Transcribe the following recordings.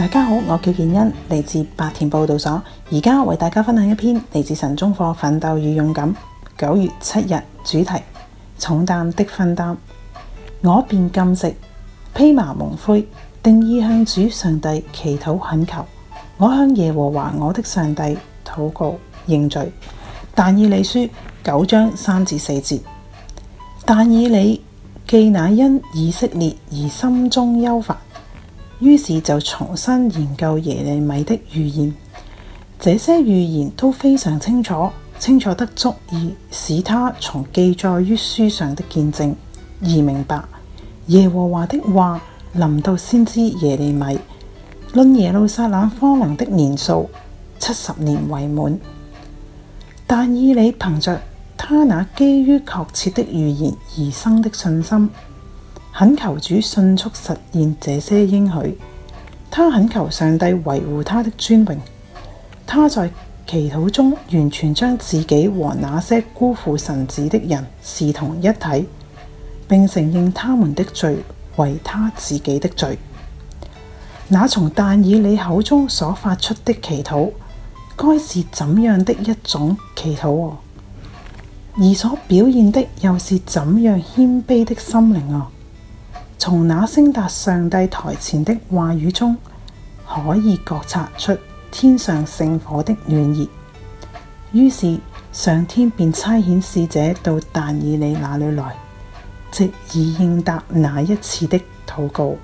大家好，我叫建恩，嚟自白田報道所。而家為大家分享一篇嚟自神中課《奮鬥與勇敢》，九月七日主題：重擔的分擔。我便禁食，披麻蒙灰，定意向主上帝祈禱懇求。我向耶和華我的上帝禱告認罪。但以理書九章三至四節：但以理既乃因以色列而心中憂煩。於是就重新研究耶利米的預言，這些預言都非常清楚，清楚得足以使他從記載於書上的見證而明白耶和華的話臨到先知耶利米。論耶路撒冷荒涼的年數，七十年為滿。但以理憑着他那基於確切的預言而生的信心。懇求主迅速實現這些應許，他懇求上帝維護他的尊榮。他在祈禱中完全將自己和那些辜負神旨的人視同一體，並承認他們的罪為他自己的罪。那從但以理口中所發出的祈禱，該是怎樣的一種祈禱哦、啊？而所表現的又是怎樣謙卑的心靈啊？從那聲達上帝台前的話語中，可以覺察出天上聖火的暖熱。於是上天便差遣使者到但以理那裡來，即以應答那一次的禱告。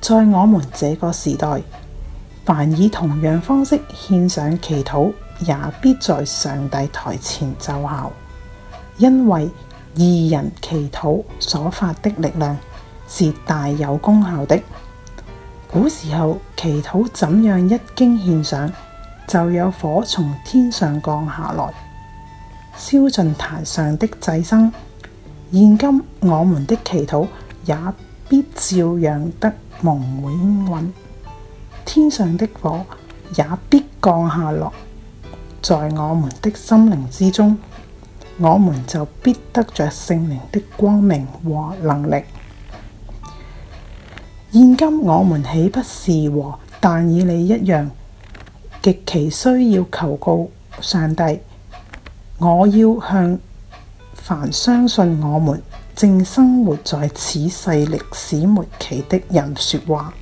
在我們這個時代，凡以同樣方式獻上祈禱，也必在上帝台前奏效，因為義人祈禱所發的力量。是大有功效的。古時候祈禱怎樣一經獻上，就有火從天上降下來，燒盡壇上的祭牲。現今我們的祈禱也必照樣得蒙應允，天上的火也必降下落，在我們的心靈之中，我們就必得着聖靈的光明和能力。現今我們豈不是和但以理一樣，極其需要求告上帝？我要向凡相信我們正生活在此世歷史末期的人說話。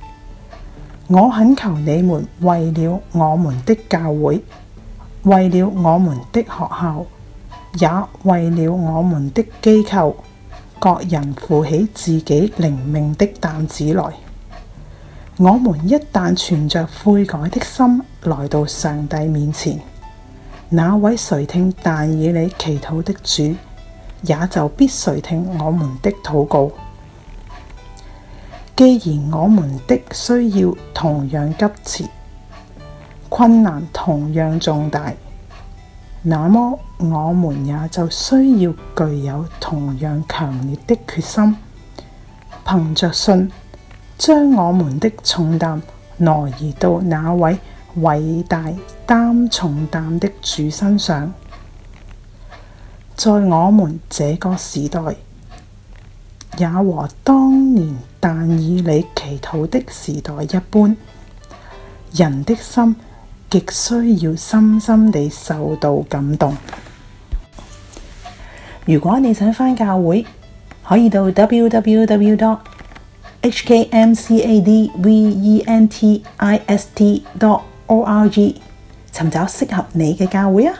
我懇求你們，為了我們的教會，為了我們的學校，也為了我們的機構。各人負起自己靈命的擔子來。我們一旦存着悔改的心來到上帝面前，那位垂聽但以理祈禱的主，也就必垂聽我們的禱告。既然我們的需要同樣急切，困難同樣重大。那麼，我們也就需要具有同樣強烈的決心，憑著信，將我們的重擔挪移到那位偉大擔重擔的主身上。在我們這個時代，也和當年但以理祈禱的時代一般，人的心，極需要深深地受到感動。如果你想返教會，可以到 www.hkmcadventist.org，尋找適合你嘅教會啊！